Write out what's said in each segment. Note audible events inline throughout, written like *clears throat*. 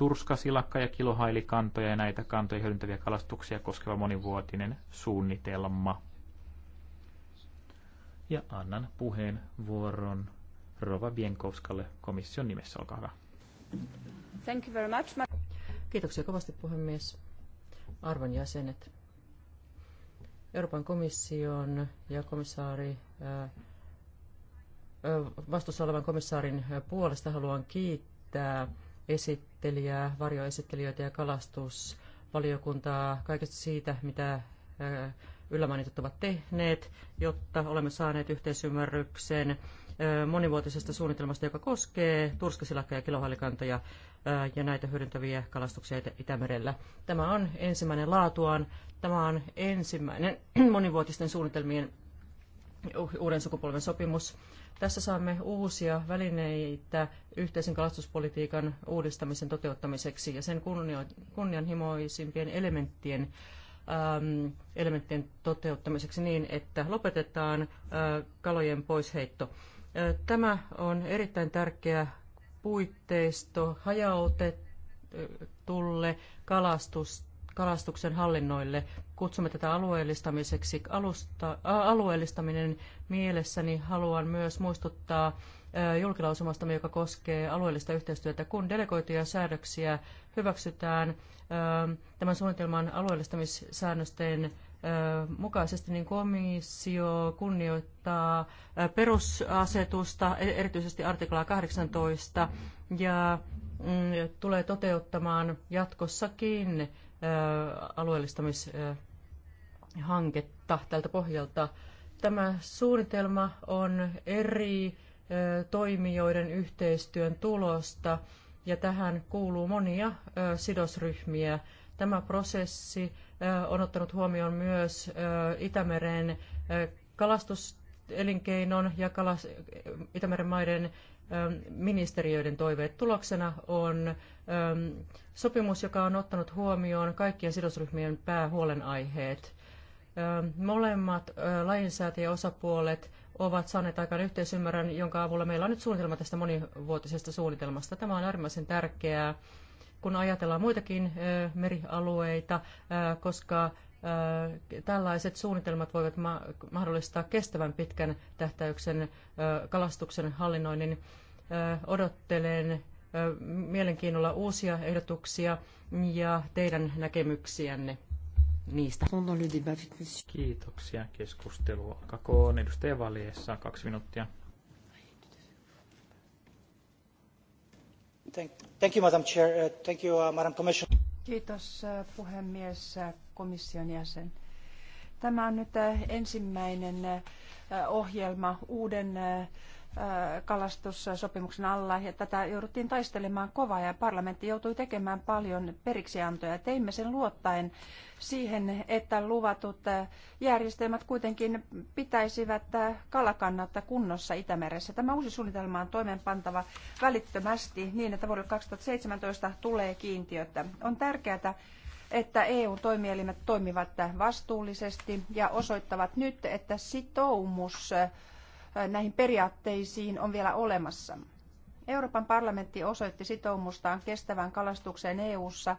turska, silakka ja kilohailikantoja ja näitä kantoja hyödyntäviä kalastuksia koskeva monivuotinen suunnitelma. Ja annan puheenvuoron Rova Bienkovskalle komission nimessä. Olkaa hyvä. Thank you very much. Kiitoksia kovasti puhemies. Arvon jäsenet. Euroopan komission ja komissaari äh, äh, vastuussa olevan komissaarin puolesta haluan kiittää esittelijää, varjoesittelijöitä ja kalastusvaliokuntaa kaikesta siitä, mitä äh, ylämainitut ovat tehneet, jotta olemme saaneet yhteisymmärryksen äh, monivuotisesta suunnitelmasta, joka koskee turskasilakka- ja kilohalikantoja äh, ja näitä hyödyntäviä kalastuksia Itämerellä. Tämä on ensimmäinen laatuaan. Tämä on ensimmäinen *clears throat* monivuotisten suunnitelmien Uh, uuden sukupolven sopimus. Tässä saamme uusia välineitä yhteisen kalastuspolitiikan uudistamisen toteuttamiseksi ja sen kunnianhimoisimpien elementtien, ähm, elementtien toteuttamiseksi niin, että lopetetaan äh, kalojen poisheitto. Äh, tämä on erittäin tärkeä puitteisto hajautetulle äh, kalastus kalastuksen hallinnoille. Kutsumme tätä alueellistamiseksi. Alusta, ä, äh, alueellistaminen mielessäni haluan myös muistuttaa julkilausumasta, äh, julkilausumastamme, joka koskee alueellista yhteistyötä. Kun delegoituja säädöksiä hyväksytään ä, äh, tämän suunnitelman alueellistamissäännösten mukaisesti niin komissio kunnioittaa perusasetusta, e, erityisesti artiklaa 18, ja mm, tulee toteuttamaan jatkossakin alueellistamishanketta tältä pohjalta. Tämä suunnitelma on eri toimijoiden yhteistyön tulosta ja tähän kuuluu monia sidosryhmiä. Tämä prosessi on ottanut huomioon myös Itämeren kalastuselinkeinon ja Itämeren maiden ministeriöiden toiveet. Tuloksena on sopimus, joka on ottanut huomioon kaikkien sidosryhmien päähuolenaiheet. Molemmat lainsäätäjäosapuolet ovat saaneet aikaan yhteisymmärrän, jonka avulla meillä on nyt suunnitelma tästä monivuotisesta suunnitelmasta. Tämä on äärimmäisen tärkeää, kun ajatellaan muitakin merialueita, koska Tällaiset suunnitelmat voivat mahdollistaa kestävän pitkän tähtäyksen kalastuksen hallinnoinnin. Odottelen mielenkiinnolla uusia ehdotuksia ja teidän näkemyksiänne niistä. Kiitoksia. Keskustelu Kakoon Edustaja Valiessa, kaksi minuuttia. Thank, you, Madam Chair. Uh, thank you, uh, Madam Commissioner. Kiitos äh, puhemies, äh, komission jäsen. Tämä on nyt äh, ensimmäinen ohjelma uuden kalastussopimuksen alla ja tätä jouduttiin taistelemaan kovaa ja parlamentti joutui tekemään paljon periksiantoja. Teimme sen luottaen siihen, että luvatut äh, järjestelmät kuitenkin pitäisivät äh, kalakannatta kunnossa Itämeressä. Tämä uusi suunnitelma on toimeenpantava välittömästi niin, että vuodelle 2017 tulee kiintiötä. On tärkeää, että EU-toimielimet toimivat vastuullisesti ja osoittavat nyt, että sitoumus näihin periaatteisiin on vielä olemassa. Euroopan parlamentti osoitti sitoumustaan kestävään kalastukseen EU:ssa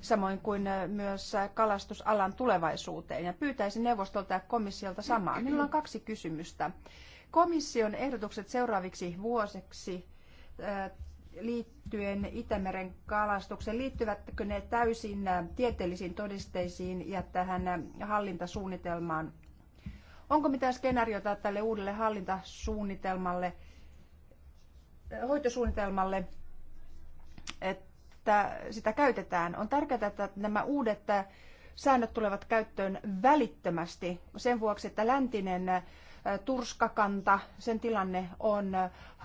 samoin kuin äh, myös kalastusalan tulevaisuuteen. Ja pyytäisin neuvostolta ja komissiolta samaa. Minulla on kaksi kysymystä. Komission ehdotukset seuraaviksi vuosiksi äh, liittyen Itämeren kalastukseen, liittyvätkö ne täysin äh, tieteellisiin todisteisiin ja tähän hallintasuunnitelmaan Onko mitään skenaariota tälle uudelle hallintasuunnitelmalle, hoitosuunnitelmalle, että sitä käytetään? On tärkeää, että nämä uudet säännöt tulevat käyttöön välittömästi sen vuoksi, että läntinen turskakanta, sen tilanne on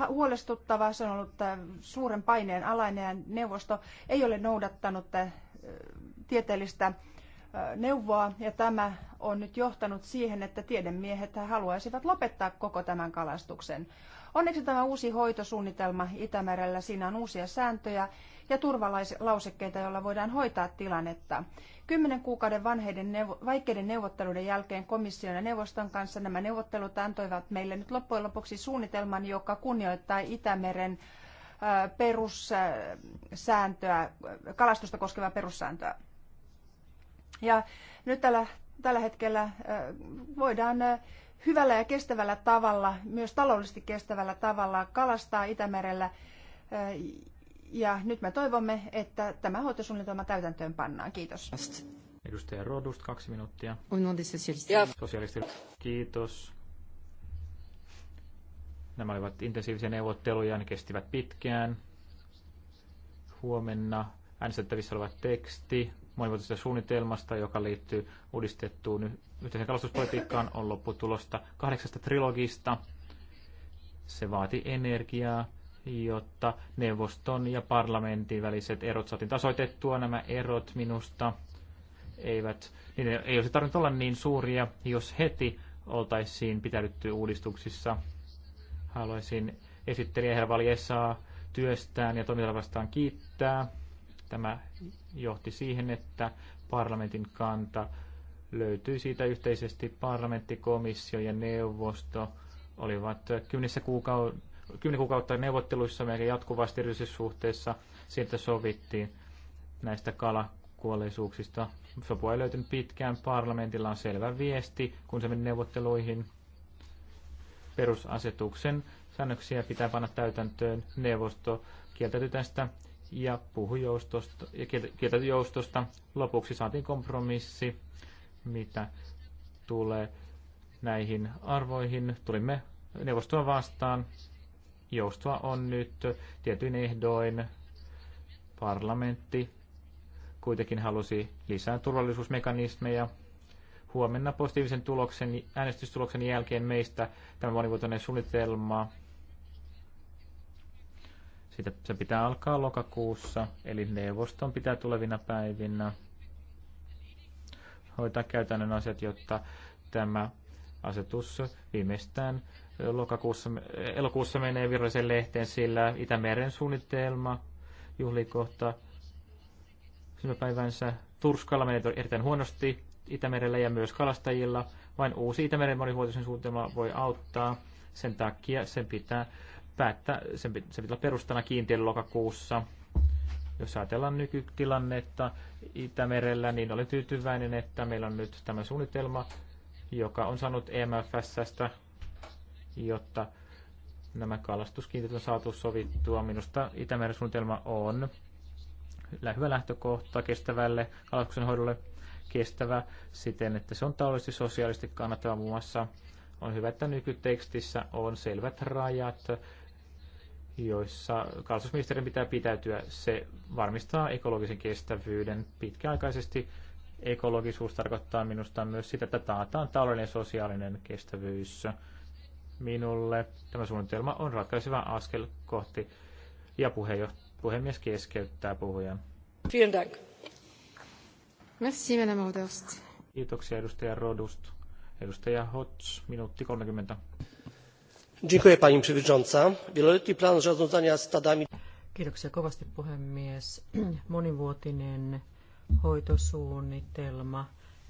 huolestuttava, se on ollut suuren paineen alainen ja neuvosto ei ole noudattanut tieteellistä neuvoa ja tämä on nyt johtanut siihen, että tiedemiehet haluaisivat lopettaa koko tämän kalastuksen. Onneksi tämä uusi hoitosuunnitelma Itämerellä, siinä on uusia sääntöjä ja turvalausekkeita, joilla voidaan hoitaa tilannetta. Kymmenen kuukauden vanheiden neuvo- vaikeiden neuvotteluiden jälkeen komission ja neuvoston kanssa nämä neuvottelut antoivat meille nyt loppujen lopuksi suunnitelman, joka kunnioittaa Itämeren perussääntöä, kalastusta koskevaa perussääntöä. Ja nyt tällä, tällä hetkellä voidaan hyvällä ja kestävällä tavalla, myös taloudellisesti kestävällä tavalla kalastaa Itämerellä. Ja nyt me toivomme, että tämä hoitosuunnitelma täytäntöön pannaan. Kiitos. Edustaja Rodust, kaksi minuuttia. Sosialisti. Kiitos. Nämä olivat intensiivisiä neuvotteluja, ne kestivät pitkään. Huomenna äänestettävissä oleva teksti monivuotisesta suunnitelmasta, joka liittyy uudistettuun yhteisen kalastuspolitiikkaan, on lopputulosta kahdeksasta trilogista. Se vaati energiaa, jotta neuvoston ja parlamentin väliset erot saatiin tasoitettua. Nämä erot minusta eivät, niin ei olisi tarvinnut olla niin suuria, jos heti oltaisiin pitäydytty uudistuksissa. Haluaisin esittelijä Herra Valjesaa työstään ja toimintavastaan kiittää. Tämä johti siihen, että parlamentin kanta löytyi siitä yhteisesti. Parlamentti, komissio ja neuvosto olivat kymmenessä kuukauden kymmenen kuukautta neuvotteluissa meidän jatkuvasti erityisessä suhteessa. Siitä sovittiin näistä kalakuolleisuuksista. Sopua ei löytynyt pitkään. Parlamentilla on selvä viesti, kun se meni neuvotteluihin. Perusasetuksen säännöksiä pitää panna täytäntöön. Neuvosto kieltäytyi tästä ja puhui joustosta, ja kieltä joustosta. Lopuksi saatiin kompromissi, mitä tulee näihin arvoihin. Tulimme neuvostoa vastaan. Joustoa on nyt tietyin ehdoin. Parlamentti kuitenkin halusi lisää turvallisuusmekanismeja. Huomenna positiivisen tuloksen, äänestystuloksen jälkeen meistä tämä monivuotoinen suunnitelma sitä, se pitää alkaa lokakuussa, eli neuvoston pitää tulevina päivinä hoitaa käytännön asiat, jotta tämä asetus viimeistään lokakuussa, elokuussa menee virallisen lehteen, sillä Itämeren suunnitelma juhlikohta päivänsä Turskalla menee erittäin huonosti Itämerellä ja myös kalastajilla. Vain uusi Itämeren monivuotisen suunnitelma voi auttaa. Sen takia sen pitää päättää, sen, pit, se pitää olla perustana kiintiön lokakuussa. Jos ajatellaan nykytilannetta Itämerellä, niin olen tyytyväinen, että meillä on nyt tämä suunnitelma, joka on saanut EMFSstä, jotta nämä kalastuskiintiöt on saatu sovittua. Minusta Itämeren suunnitelma on hyvä lähtökohta kestävälle kalastuksen hoidolle kestävä siten, että se on taloudellisesti sosiaalisesti kannattava muun muassa. On hyvä, että nykytekstissä on selvät rajat joissa kalastusministeriön pitää pitäytyä. Se varmistaa ekologisen kestävyyden pitkäaikaisesti. Ekologisuus tarkoittaa minusta myös sitä, että taataan taloudellinen ja sosiaalinen kestävyys. Minulle tämä suunnitelma on ratkaiseva askel kohti ja puhemies keskeyttää puhujan. Vielen dank. Merci, Madame Rodust. Kiitoksia, edustaja Rodust. Edustaja Hots, minuutti 30 pani przewodnicząca! wieloletni plan zarządzania stadami. kiitoksia kovasti puhemies *clears throat* monivuotinen hoitosuunnitelma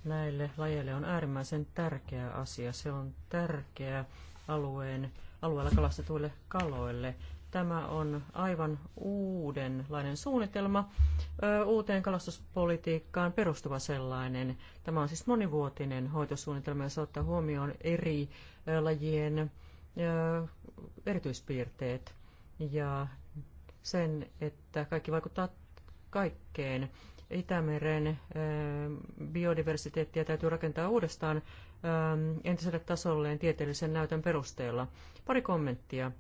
näille lajeille on äärimmäisen tärkeä asia. Se on tärkeä alueen, alueella kalastetuille kaloille. Tämä on aivan uudenlainen suunnitelma, uuteen kalastuspolitiikkaan perustuva sellainen. Tämä on siis monivuotinen hoitosuunnitelma, jossa ottaa huomioon eri lajien erityispiirteet ja sen, että kaikki vaikuttaa kaikkeen. Itämeren biodiversiteettiä täytyy rakentaa uudestaan entiselle tasolleen tieteellisen näytön perusteella. Pari kommenttia.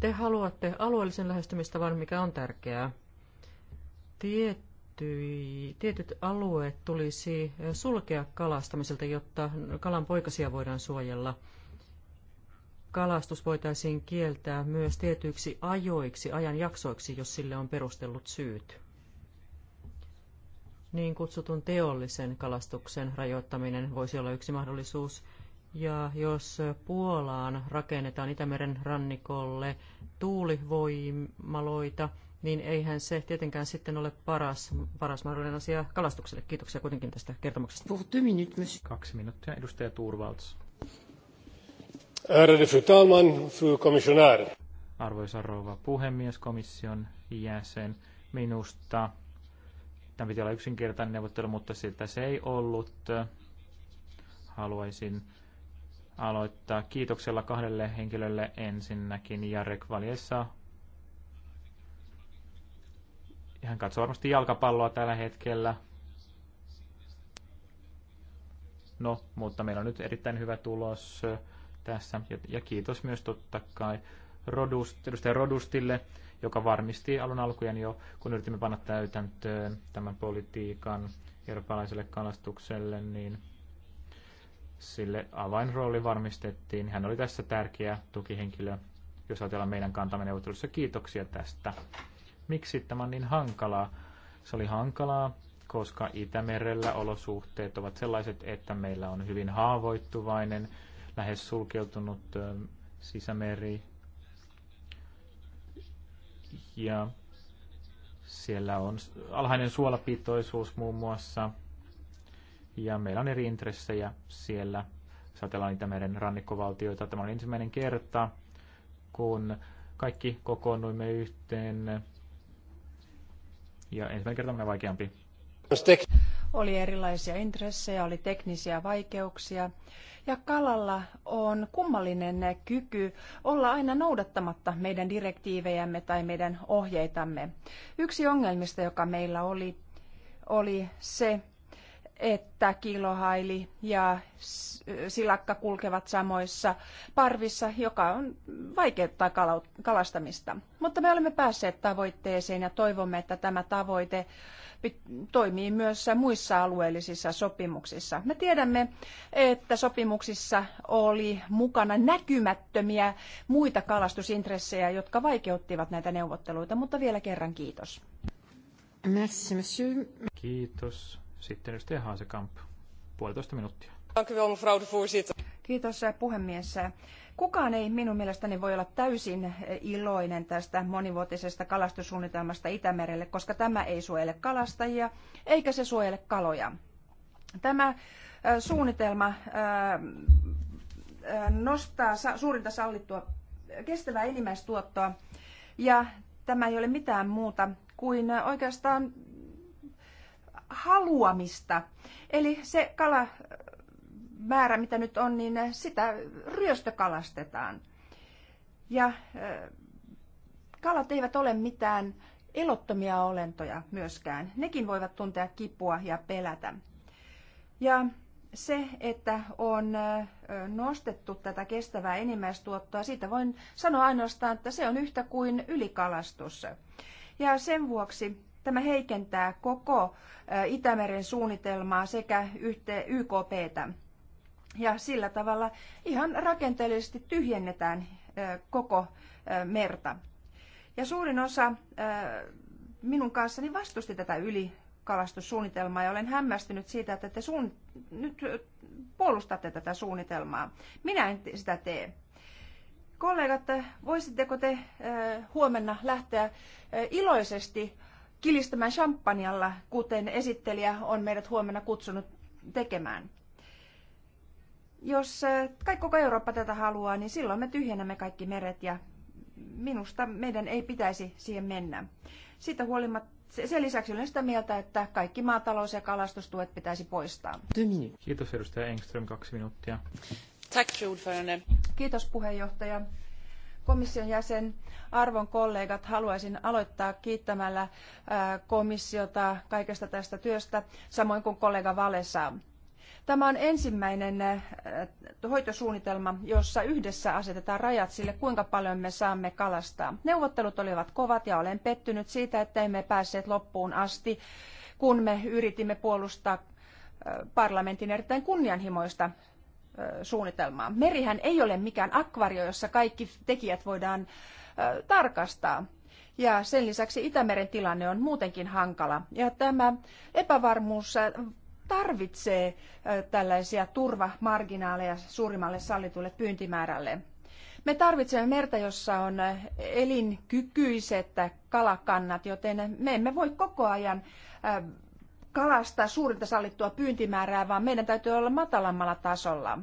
Te haluatte alueellisen lähestymistavan, mikä on tärkeää. Tietty, tietyt alueet tulisi sulkea kalastamiselta, jotta kalan poikasia voidaan suojella – kalastus voitaisiin kieltää myös tietyiksi ajoiksi, ajanjaksoiksi, jos sille on perustellut syyt. Niin kutsutun teollisen kalastuksen rajoittaminen voisi olla yksi mahdollisuus. Ja jos Puolaan rakennetaan Itämeren rannikolle tuulivoimaloita, niin eihän se tietenkään sitten ole paras, paras mahdollinen asia kalastukselle. Kiitoksia kuitenkin tästä kertomuksesta. Kaksi minuuttia, edustaja Turvalts. Ärade fru talman, fru kommissionär. Arvoisa rouva puhemies, komission jäsen, minusta tämä piti olla yksinkertainen neuvottelu, mutta sitä se ei ollut. Haluaisin aloittaa kiitoksella kahdelle henkilölle ensinnäkin Jarek Valjessa. Hän katsoo varmasti jalkapalloa tällä hetkellä. No, mutta meillä on nyt erittäin hyvä tulos tässä. Ja kiitos myös totta kai Rodust, edustaja Rodustille, joka varmisti alun alkujen jo, kun yritimme panna täytäntöön tämän politiikan eurooppalaiselle kalastukselle, niin sille avainrooli varmistettiin. Hän oli tässä tärkeä tukihenkilö, jos ajatellaan meidän kantamme neuvottelussa. Kiitoksia tästä. Miksi tämä on niin hankalaa? Se oli hankalaa, koska Itämerellä olosuhteet ovat sellaiset, että meillä on hyvin haavoittuvainen lähes sulkeutunut sisämeri. Ja siellä on alhainen suolapitoisuus muun muassa. Ja meillä on eri intressejä siellä. Saatellaan Itämeren rannikkovaltioita. Tämä on ensimmäinen kerta, kun kaikki kokoonnuimme yhteen. Ja ensimmäinen kerta on vaikeampi. Oli erilaisia intressejä, oli teknisiä vaikeuksia. Ja kalalla on kummallinen kyky olla aina noudattamatta meidän direktiivejämme tai meidän ohjeitamme. Yksi ongelmista, joka meillä oli, oli se, että kilohaili ja silakka kulkevat samoissa parvissa, joka on vaikeuttaa kalastamista. Mutta me olemme päässeet tavoitteeseen ja toivomme, että tämä tavoite toimii myös muissa alueellisissa sopimuksissa. Me tiedämme, että sopimuksissa oli mukana näkymättömiä muita kalastusintressejä, jotka vaikeuttivat näitä neuvotteluita, mutta vielä kerran kiitos. Merci, monsieur. Kiitos. Sitten edustaja Haasekamp. Puolitoista minuuttia. Dank u wel, mevrouw de voorzitter. Kiitos eh, puhemies. Kukaan ei minun mielestäni voi olla täysin eh, iloinen tästä monivuotisesta kalastussuunnitelmasta Itämerelle, koska tämä ei suojele kalastajia eikä se suojele kaloja. Tämä eh, suunnitelma nostaa suurinta sallittua kestävää enimmäistuottoa ja tämä ei ole mitään muuta kuin oikeastaan haluamista. Eli se kala, määrä, mitä nyt on, niin eh, sitä ryöstökalastetaan. Ja eh, kalat eivät ole mitään elottomia olentoja myöskään. Nekin voivat tuntea kipua ja pelätä. Ja se, että on eh, nostettu tätä kestävää enimmäistuottoa, siitä voin sanoa ainoastaan, että se on yhtä kuin ylikalastus. Ja sen vuoksi tämä heikentää koko Itämeren suunnitelmaa sekä YKPtä. Ja sillä tavalla ihan rakenteellisesti tyhjennetään koko merta. Ja suurin osa minun kanssani vastusti tätä ylikalastussuunnitelmaa ja olen hämmästynyt siitä, että te suun... nyt puolustatte tätä suunnitelmaa. Minä en sitä tee. Kollegat, voisitteko te huomenna lähteä iloisesti kilistämään champanjalla, kuten esittelijä on meidät huomenna kutsunut tekemään? Jos äh, kaikki koko Eurooppa tätä haluaa, niin silloin me tyhjennämme kaikki meret ja minusta meidän ei pitäisi siihen mennä. Siitä huolimatta sen lisäksi olen sitä mieltä, että kaikki maatalous- ja kalastustuet pitäisi poistaa. Kiitos edustaja Engström, kaksi minuuttia. Kiitos puheenjohtaja. Komission jäsen, arvon kollegat, haluaisin aloittaa kiittämällä äh, komissiota kaikesta tästä työstä, samoin kuin kollega Valesa Tämä on ensimmäinen eh, hoitosuunnitelma, jossa yhdessä asetetaan rajat sille, kuinka paljon me saamme kalastaa. Neuvottelut olivat kovat ja olen pettynyt siitä, että emme päässeet loppuun asti, kun me yritimme puolustaa eh, parlamentin erittäin kunnianhimoista eh, suunnitelmaa. Merihän ei ole mikään akvario, jossa kaikki tekijät voidaan tarkastaa. Ja sen lisäksi Itämeren tilanne on muutenkin hankala. Ja tämä epävarmuus tarvitsee tällaisia turvamarginaaleja suurimmalle sallitulle pyyntimäärälle. Me tarvitsemme merta, jossa on elinkykyiset kalakannat, joten me emme voi koko ajan kalastaa suurinta sallittua pyyntimäärää, vaan meidän täytyy olla matalammalla tasolla.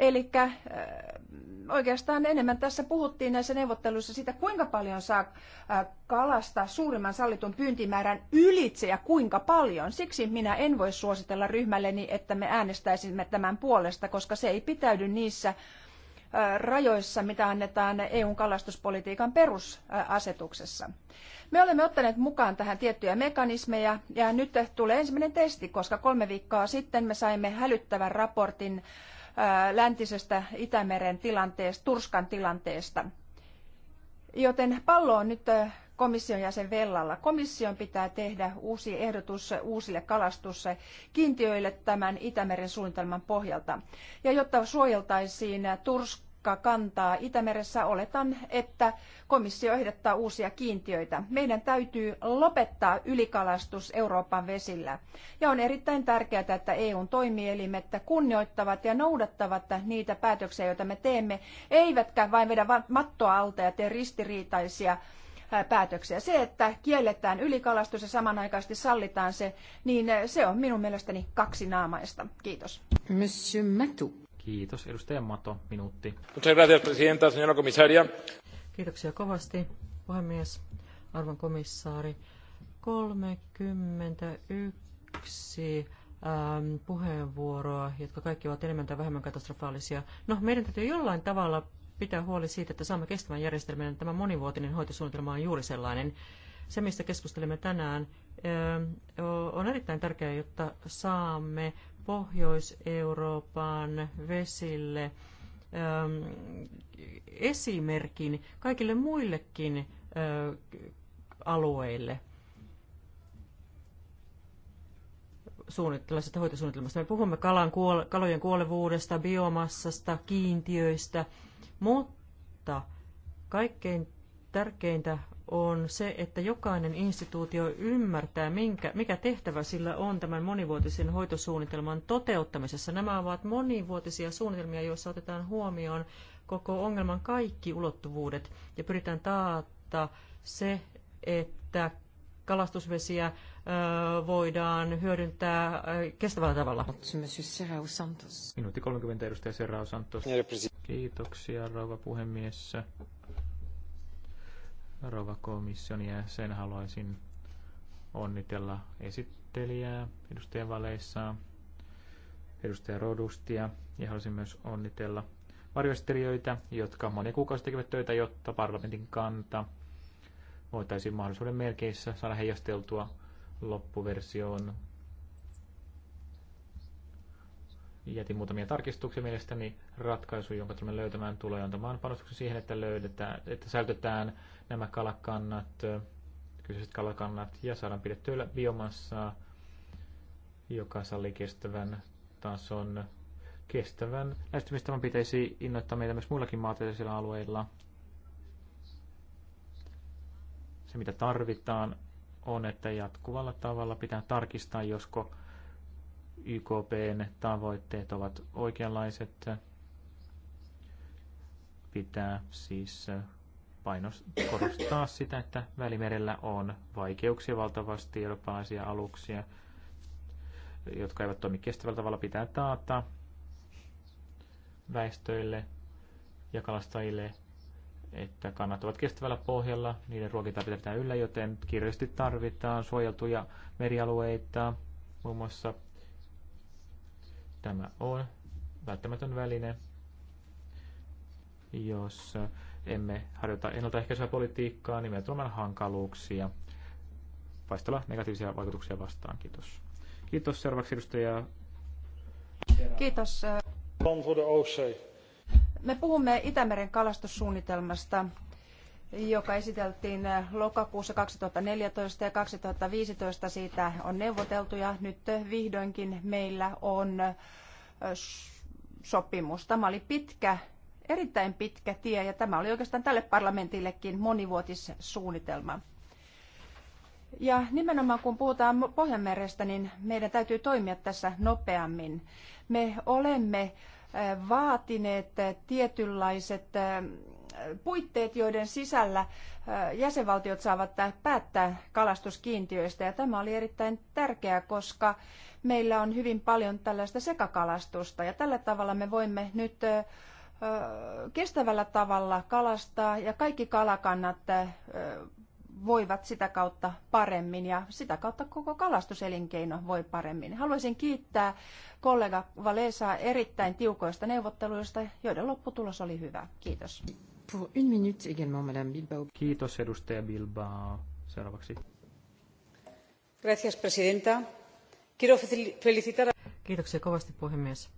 Eli äh, oikeastaan enemmän tässä puhuttiin näissä neuvotteluissa sitä, kuinka paljon saa äh, kalastaa suurimman sallitun pyyntimäärän ylitse ja kuinka paljon. Siksi minä en voi suositella ryhmälleni, että me äänestäisimme tämän puolesta, koska se ei pitäydy niissä äh, rajoissa, mitä annetaan EUn kalastuspolitiikan perusasetuksessa. Me olemme ottaneet mukaan tähän tiettyjä mekanismeja ja nyt tulee ensimmäinen testi, koska kolme viikkoa sitten me saimme hälyttävän raportin äh, läntisestä Itämeren tilanteesta, Turskan tilanteesta. Joten pallo on nyt komission jäsen Vellalla. Komission pitää tehdä uusi ehdotus uusille kalastuskiintiöille tämän Itämeren suunnitelman pohjalta. Ja jotta suojeltaisiin Tursk kantaa Itämeressä, oletan, että komissio ehdottaa uusia kiintiöitä. Meidän täytyy lopettaa ylikalastus Euroopan vesillä. Ja on erittäin tärkeää, että EUn toimielimet kunnioittavat ja noudattavat niitä päätöksiä, joita me teemme, eivätkä vain vedä mattoa alta ja tee ristiriitaisia päätöksiä. Se, että kielletään ylikalastus ja samanaikaisesti sallitaan se, niin se on minun mielestäni kaksinaamaista. Kiitos. Monsieur Matu. Kiitos. Edustaja Mato, minuutti. Kiitoksia kovasti, puhemies, arvon komissaari. 31 ähm, puheenvuoroa, jotka kaikki ovat enemmän tai vähemmän katastrofaalisia. No, meidän täytyy jollain tavalla pitää huoli siitä, että saamme kestävän järjestelmän. Tämä monivuotinen hoitosuunnitelma on juuri sellainen. Se, mistä keskustelemme tänään, on erittäin tärkeää, jotta saamme Pohjois-Euroopan vesille esimerkin kaikille muillekin alueille suunnittelusta, hoitosuunnitelmasta. Me puhumme kalan kalojen kuolevuudesta, biomassasta, kiintiöistä, mutta kaikkein tärkeintä on se, että jokainen instituutio ymmärtää, minkä, mikä tehtävä sillä on tämän monivuotisen hoitosuunnitelman toteuttamisessa. Nämä ovat monivuotisia suunnitelmia, joissa otetaan huomioon koko ongelman kaikki ulottuvuudet ja pyritään taata se, että kalastusvesiä voidaan hyödyntää kestävällä tavalla. Minuutti 30 edustaja Serrao Santos. Kiitoksia rouva puhemies rouva komission jäsen haluaisin onnitella esittelijää, edustaja Valeissaa, edustaja Rodustia ja haluaisin myös onnitella varjoesittelijöitä, jotka monia kuukausia tekevät töitä, jotta parlamentin kanta voitaisiin mahdollisuuden merkeissä saada heijasteltua loppuversioon jätin muutamia tarkistuksia mielestäni. Ratkaisu, jonka tulemme löytämään, tulee antamaan panostuksen siihen, että löydetään, että säilytetään nämä kalakannat, kyseiset kalakannat ja saadaan pidettyä biomassaa, joka sallii kestävän tason kestävän lähestymistavan pitäisi innoittaa meitä myös muillakin maatilaisilla alueilla. Se mitä tarvitaan on, että jatkuvalla tavalla pitää tarkistaa, josko YKPn tavoitteet ovat oikeanlaiset. Pitää siis painos, korostaa sitä, että Välimerellä on vaikeuksia valtavasti eurooppalaisia aluksia, jotka eivät toimi kestävällä tavalla, pitää taata väestöille ja kalastajille, että kannat ovat kestävällä pohjalla, niiden ruokintaa pitää pitää yllä, joten kirjallisesti tarvitaan suojeltuja merialueita, muun muassa Tämä on välttämätön väline, jos emme harjoita ennaltaehkäisyä politiikkaa, niin me tulee hankaluuksia paistella negatiivisia vaikutuksia vastaan. Kiitos. Kiitos seuraavaksi edustaja. Kiitos. Me puhumme Itämeren kalastussuunnitelmasta joka esiteltiin eh, lokakuussa 2014 ja 2015. Siitä on neuvoteltu ja nyt vihdoinkin meillä on eh, sopimus. Tämä oli pitkä, erittäin pitkä tie ja tämä oli oikeastaan tälle parlamentillekin monivuotissuunnitelma. Ja nimenomaan kun puhutaan Pohjanmerestä, niin meidän täytyy toimia tässä nopeammin. Me olemme eh, vaatineet tietynlaiset puitteet, joiden sisällä jäsenvaltiot saavat päättää kalastuskiintiöistä. Ja tämä oli erittäin tärkeää, koska meillä on hyvin paljon tällaista sekakalastusta. Ja tällä tavalla me voimme nyt kestävällä tavalla kalastaa ja kaikki kalakannat voivat sitä kautta paremmin ja sitä kautta koko kalastuselinkeino voi paremmin. Haluaisin kiittää kollega Valesaa erittäin tiukoista neuvotteluista, joiden lopputulos oli hyvä. Kiitos. Pour une minute également, Madame Bilbao. Kiitos edustaja Bilbao. Seuraavaksi. Gracias, presidenta. Quiero felicitar... Kiitoksia kovasti puhemies.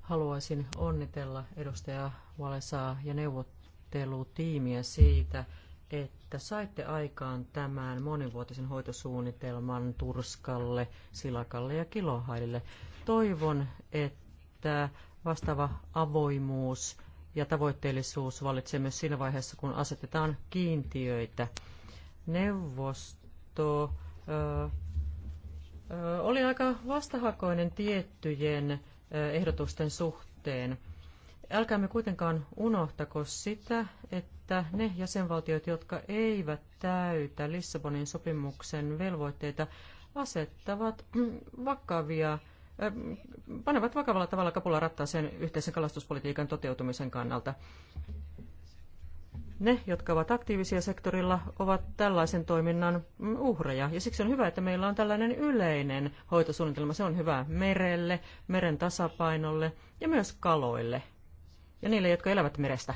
Haluaisin onnitella edustaja Valesaa ja neuvottelutiimiä siitä, että saitte aikaan tämän monivuotisen hoitosuunnitelman Turskalle, Silakalle ja kilohaille. Toivon, että vastaava avoimuus ja tavoitteellisuus vallitsee myös siinä vaiheessa, kun asetetaan kiintiöitä. Neuvosto ö, ö, oli aika vastahakoinen tiettyjen ö, ehdotusten suhteen. Älkäämme kuitenkaan unohtako sitä, että ne jäsenvaltiot, jotka eivät täytä Lissabonin sopimuksen velvoitteita, asettavat mm, vakavia panevat vakavalla tavalla kapulla sen yhteisen kalastuspolitiikan toteutumisen kannalta. Ne, jotka ovat aktiivisia sektorilla, ovat tällaisen toiminnan uhreja. Ja siksi on hyvä, että meillä on tällainen yleinen hoitosuunnitelma. Se on hyvä merelle, meren tasapainolle ja myös kaloille. Ja niille, jotka elävät merestä.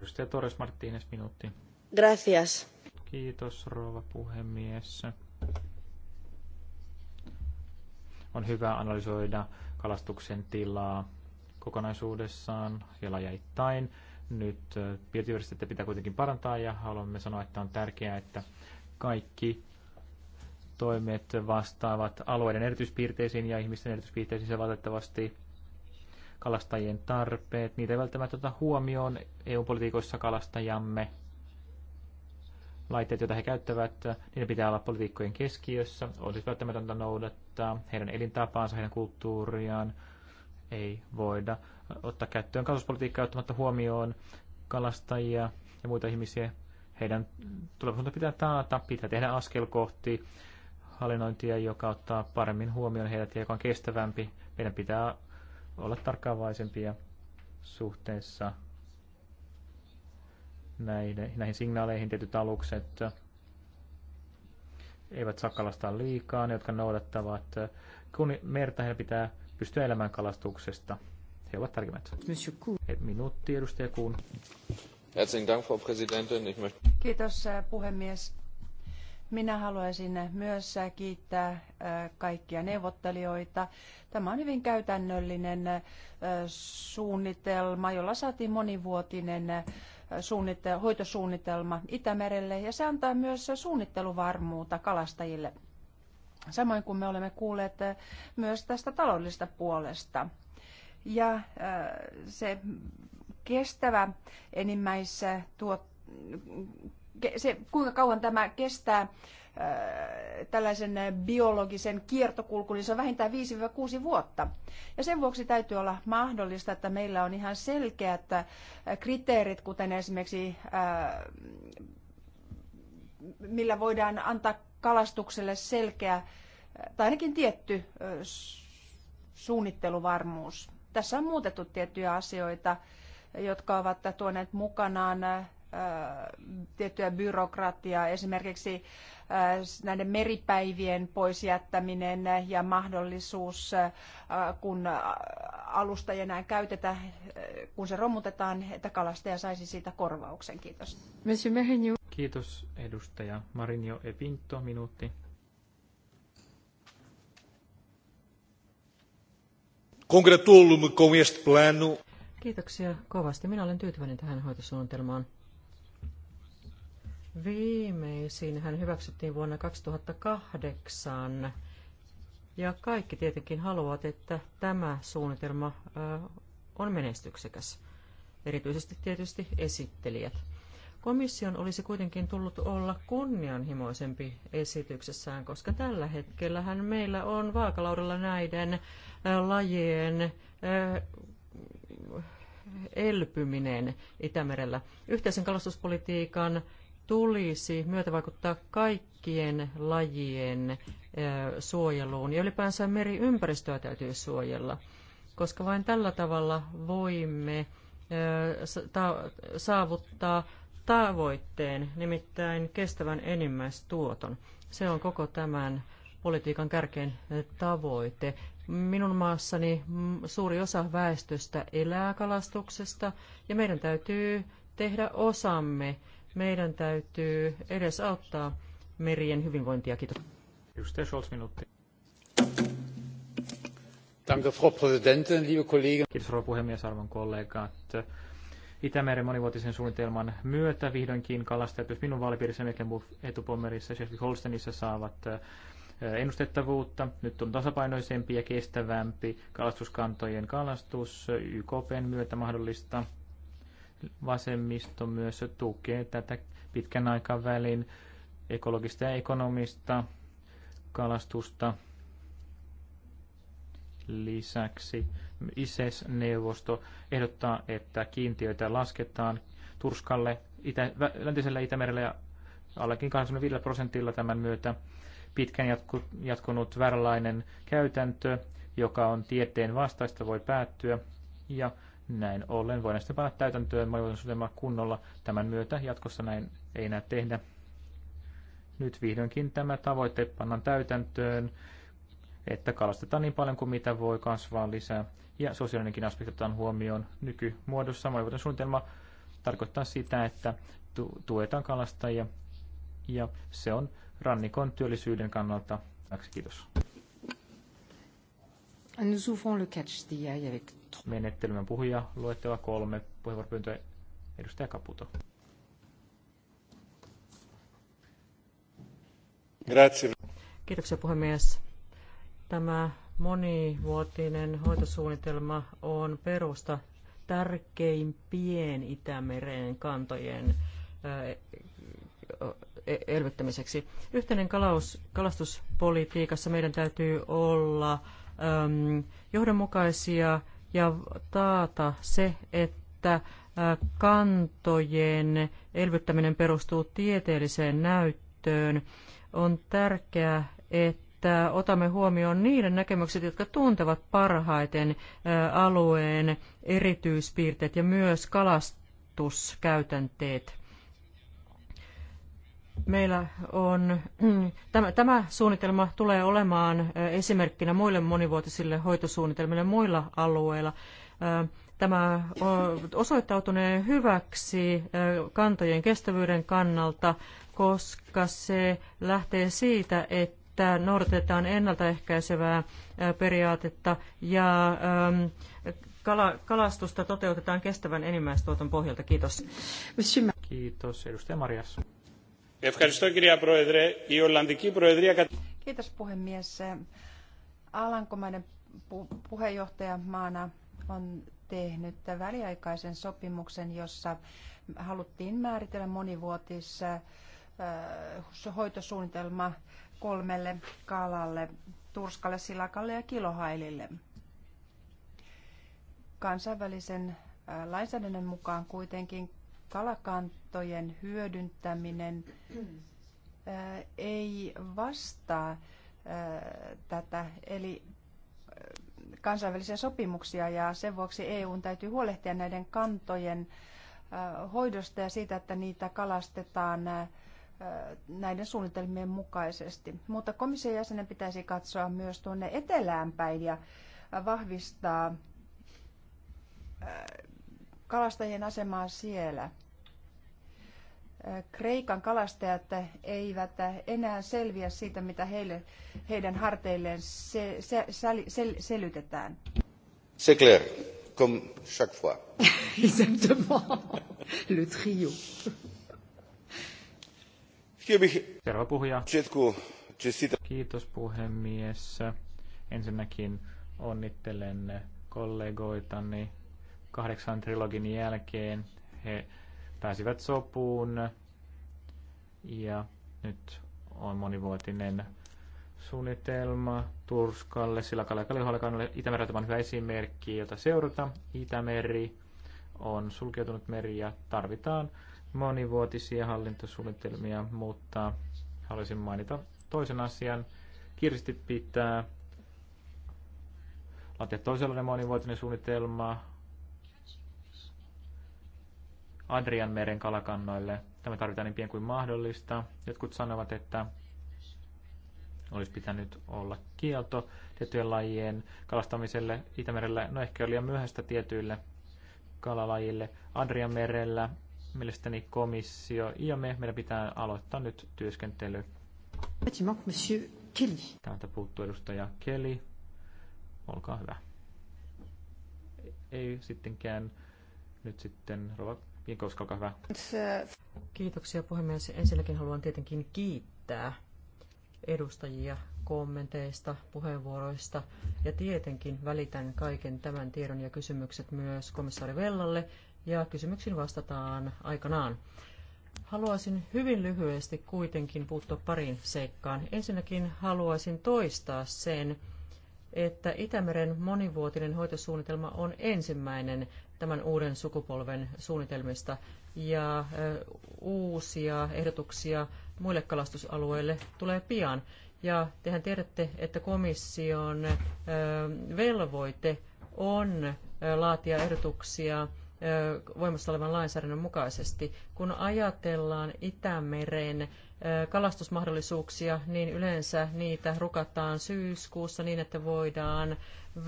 Edustaja Torres Martínez, minuutti. Gracias. Kiitos, rouva puhemies on hyvä analysoida kalastuksen tilaa kokonaisuudessaan ja lajeittain. Nyt biodiversiteettiä pitää kuitenkin parantaa ja haluamme sanoa, että on tärkeää, että kaikki toimet vastaavat alueiden erityispiirteisiin ja ihmisten erityispiirteisiin se valitettavasti kalastajien tarpeet. Niitä ei välttämättä ota huomioon EU-politiikoissa kalastajamme laitteet, joita he käyttävät, niiden pitää olla poliitikkojen keskiössä. Olisi välttämätöntä noudattaa heidän elintapaansa, heidän kulttuuriaan. Ei voida ottaa käyttöön kalastuspolitiikkaa ottamatta huomioon kalastajia ja muita ihmisiä. Heidän tulevaisuutta pitää taata, pitää tehdä askel kohti hallinnointia, joka ottaa paremmin huomioon heidät ja joka on kestävämpi. Meidän pitää olla tarkkaavaisempia suhteessa näihin, näihin signaaleihin tietyt alukset eivät saa kalastaa liikaa, ne jotka noudattavat, kun merta he pitää pystyä elämään kalastuksesta. He ovat tarkemmat. Minuutti, edustaja Kuun. Kiitos äh, puhemies minä haluaisin myös kiittää äh, kaikkia neuvottelijoita. Tämä on hyvin käytännöllinen äh, suunnitelma, jolla saatiin monivuotinen äh, hoitosuunnitelma Itämerelle ja se antaa myös suunnitteluvarmuutta kalastajille. Samoin kuin me olemme kuulleet myös tästä taloudellisesta puolesta. Ja se kestävä enimmäistuotto se, kuinka kauan tämä kestää tällaisen biologisen kiertokulkun? niin se on vähintään 5-6 vuotta. Ja sen vuoksi täytyy olla mahdollista, että meillä on ihan selkeät kriteerit, kuten esimerkiksi millä voidaan antaa kalastukselle selkeä tai ainakin tietty suunnitteluvarmuus. Tässä on muutettu tiettyjä asioita, jotka ovat tuoneet mukanaan tiettyä byrokratiaa, esimerkiksi näiden meripäivien poisjättäminen ja mahdollisuus, kun alusta ei enää käytetä, kun se romutetaan, että kalastaja saisi siitä korvauksen. Kiitos. Kiitos edustaja Marinio Epinto, minuutti. Kiitoksia kovasti. Minä olen tyytyväinen tähän hoitosuunnitelmaan. Viimeisin hän hyväksyttiin vuonna 2008. Ja kaikki tietenkin haluavat, että tämä suunnitelma on menestyksekäs. Erityisesti tietysti esittelijät. Komission olisi kuitenkin tullut olla kunnianhimoisempi esityksessään, koska tällä hetkellähän meillä on vaakalaudella näiden lajien elpyminen Itämerellä. Yhteisen kalastuspolitiikan tulisi myötävaikuttaa kaikkien lajien suojeluun ja ylipäänsä meriympäristöä täytyy suojella, koska vain tällä tavalla voimme saavuttaa tavoitteen, nimittäin kestävän enimmäistuoton. Se on koko tämän politiikan kärkeen tavoite. Minun maassani mm, suuri osa väestöstä elää kalastuksesta ja meidän täytyy tehdä osamme meidän täytyy edes auttaa merien hyvinvointia. Kiitos. Edustaja Scholz, minuutti. Danke, Frau Präsidentin, liebe Kollegen. Kiitos, rouva puhemies, arvon kollegat. Itämeren monivuotisen suunnitelman myötä vihdoinkin kalastajat myös minun vaalipiirissä Mecklenburg etupommerissa ja Holstenissa saavat äh, ennustettavuutta. Nyt on tasapainoisempi ja kestävämpi kalastuskantojen kalastus YKPn myötä mahdollista Vasemmisto myös tukee tätä pitkän aikavälin ekologista ja ekonomista kalastusta. Lisäksi ISES-neuvosto ehdottaa, että kiintiöitä lasketaan Turskalle, itä, läntiselle Itämerelle ja allekin 25 prosentilla tämän myötä pitkän jatku, jatkunut vääränlainen käytäntö, joka on tieteen vastaista, voi päättyä. Ja näin ollen voidaan sitten panna täytäntöön monimuotoisuusohjelmaa kunnolla. Tämän myötä jatkossa näin ei enää tehdä. Nyt vihdoinkin tämä tavoite pannaan täytäntöön, että kalastetaan niin paljon kuin mitä voi kasvaa lisää. Ja sosiaalinenkin aspekti otetaan huomioon nykymuodossa. suunnitelma tarkoittaa sitä, että tu- tuetaan kalastajia ja se on rannikon työllisyyden kannalta. Kiitos. Nous le catch the eye avec... Menettelymän puhuja luettelua kolme puheenvuoropyyntöä edustaja Caputo. Grazie. Kiitoksia puhemies. Tämä monivuotinen hoitosuunnitelma on perusta tärkeimpien Itämeren kantojen e, e, elvyttämiseksi. Yhteinen kalastuspolitiikassa meidän täytyy olla Ähm, johdonmukaisia ja taata se, että äh, kantojen elvyttäminen perustuu tieteelliseen näyttöön. On tärkeää, että otamme huomioon niiden näkemykset, jotka tuntevat parhaiten äh, alueen erityispiirteet ja myös kalastuskäytänteet. Meillä on, *clears throat* tämä, tämä suunnitelma tulee olemaan esimerkkinä muille monivuotisille hoitosuunnitelmille muilla alueilla. Tämä osoittautunee hyväksi kantojen kestävyyden kannalta, koska se lähtee siitä, että noudatetaan ennaltaehkäisevää periaatetta ja kalastusta toteutetaan kestävän enimmäistuoton pohjalta. Kiitos. Kiitos. Edustaja Marias. Kiitos puhemies. Alankomainen puheenjohtajamaana on tehnyt väliaikaisen sopimuksen, jossa haluttiin määritellä monivuotis äh, hoitosuunnitelma kolmelle kalalle, turskalle, silakalle ja kilohailille. Kansainvälisen äh, lainsäädännön mukaan kuitenkin kalakantojen hyödyntäminen ei vastaa tätä, eli kansainvälisiä sopimuksia ja sen vuoksi EUn täytyy huolehtia näiden kantojen hoidosta ja siitä, että niitä kalastetaan näiden suunnitelmien mukaisesti. Mutta komission jäsenen pitäisi katsoa myös tuonne etelään päin ja vahvistaa kalastajien asemaa siellä. Kreikan kalastajat eivät enää selviä siitä, mitä heille, heidän harteilleen se, se, sel, sel, selytetään. C'est clair, comme chaque fois. *laughs* Exactement, le trio. Seuraava puhuja. Kiitos puhemies. Ensinnäkin onnittelen kollegoitani kahdeksan trilogin jälkeen he pääsivät sopuun ja nyt on monivuotinen suunnitelma Turskalle, sillä Kalakalihallikalle Itämeri on hyvä esimerkki, jota seurata. Itämeri on sulkeutunut meri ja tarvitaan monivuotisia hallintosuunnitelmia, mutta haluaisin mainita toisen asian. Kirsti pitää laatia toisenlainen monivuotinen suunnitelma Adrian meren kalakannoille. Tämä tarvitaan niin pian kuin mahdollista. Jotkut sanovat, että olisi pitänyt olla kielto tiettyjen lajien kalastamiselle Itämerellä. No ehkä oli liian myöhäistä tietyille kalalajille. Adrian merellä mielestäni komissio ja me, meidän pitää aloittaa nyt työskentely. Täältä puuttuu edustaja Kelly. Olkaa hyvä. Ei sittenkään. Nyt sitten Rova Pienkovska, olkaa hyvä. Kiitoksia puhemies. Ensinnäkin haluan tietenkin kiittää edustajia kommenteista, puheenvuoroista ja tietenkin välitän kaiken tämän tiedon ja kysymykset myös komissaari Vellalle ja kysymyksiin vastataan aikanaan. Haluaisin hyvin lyhyesti kuitenkin puuttua pariin seikkaan. Ensinnäkin haluaisin toistaa sen, että Itämeren monivuotinen hoitosuunnitelma on ensimmäinen tämän uuden sukupolven suunnitelmista ja uusia ehdotuksia muille kalastusalueille tulee pian. Ja tehän tiedätte, että komission velvoite on laatia ehdotuksia voimassa olevan lainsäädännön mukaisesti. Kun ajatellaan Itämeren kalastusmahdollisuuksia, niin yleensä niitä rukataan syyskuussa niin, että voidaan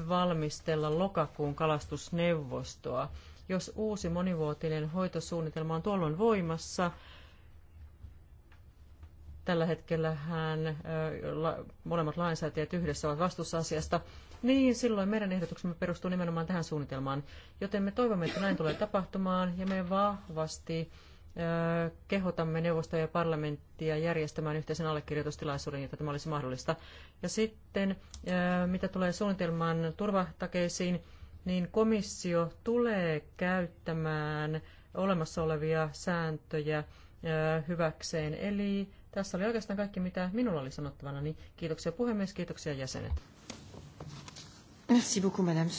valmistella lokakuun kalastusneuvostoa. Jos uusi monivuotinen hoitosuunnitelma on tuolloin voimassa, tällä hetkellä hän, molemmat lainsäätäjät yhdessä ovat vastuussa asiasta, niin silloin meidän ehdotuksemme perustuu nimenomaan tähän suunnitelmaan. Joten me toivomme, että näin tulee tapahtumaan ja me vahvasti kehotamme neuvostoa ja parlamenttia järjestämään yhteisen allekirjoitustilaisuuden, jotta tämä olisi mahdollista. Ja sitten, mitä tulee suunnitelman turvatakeisiin, niin komissio tulee käyttämään olemassa olevia sääntöjä hyväkseen. Eli tässä oli oikeastaan kaikki, mitä minulla oli sanottavana. Niin kiitoksia puhemies, kiitoksia jäsenet. Merci beaucoup, madame.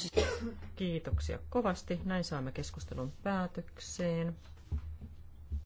Kiitoksia kovasti. Näin saamme keskustelun päätökseen.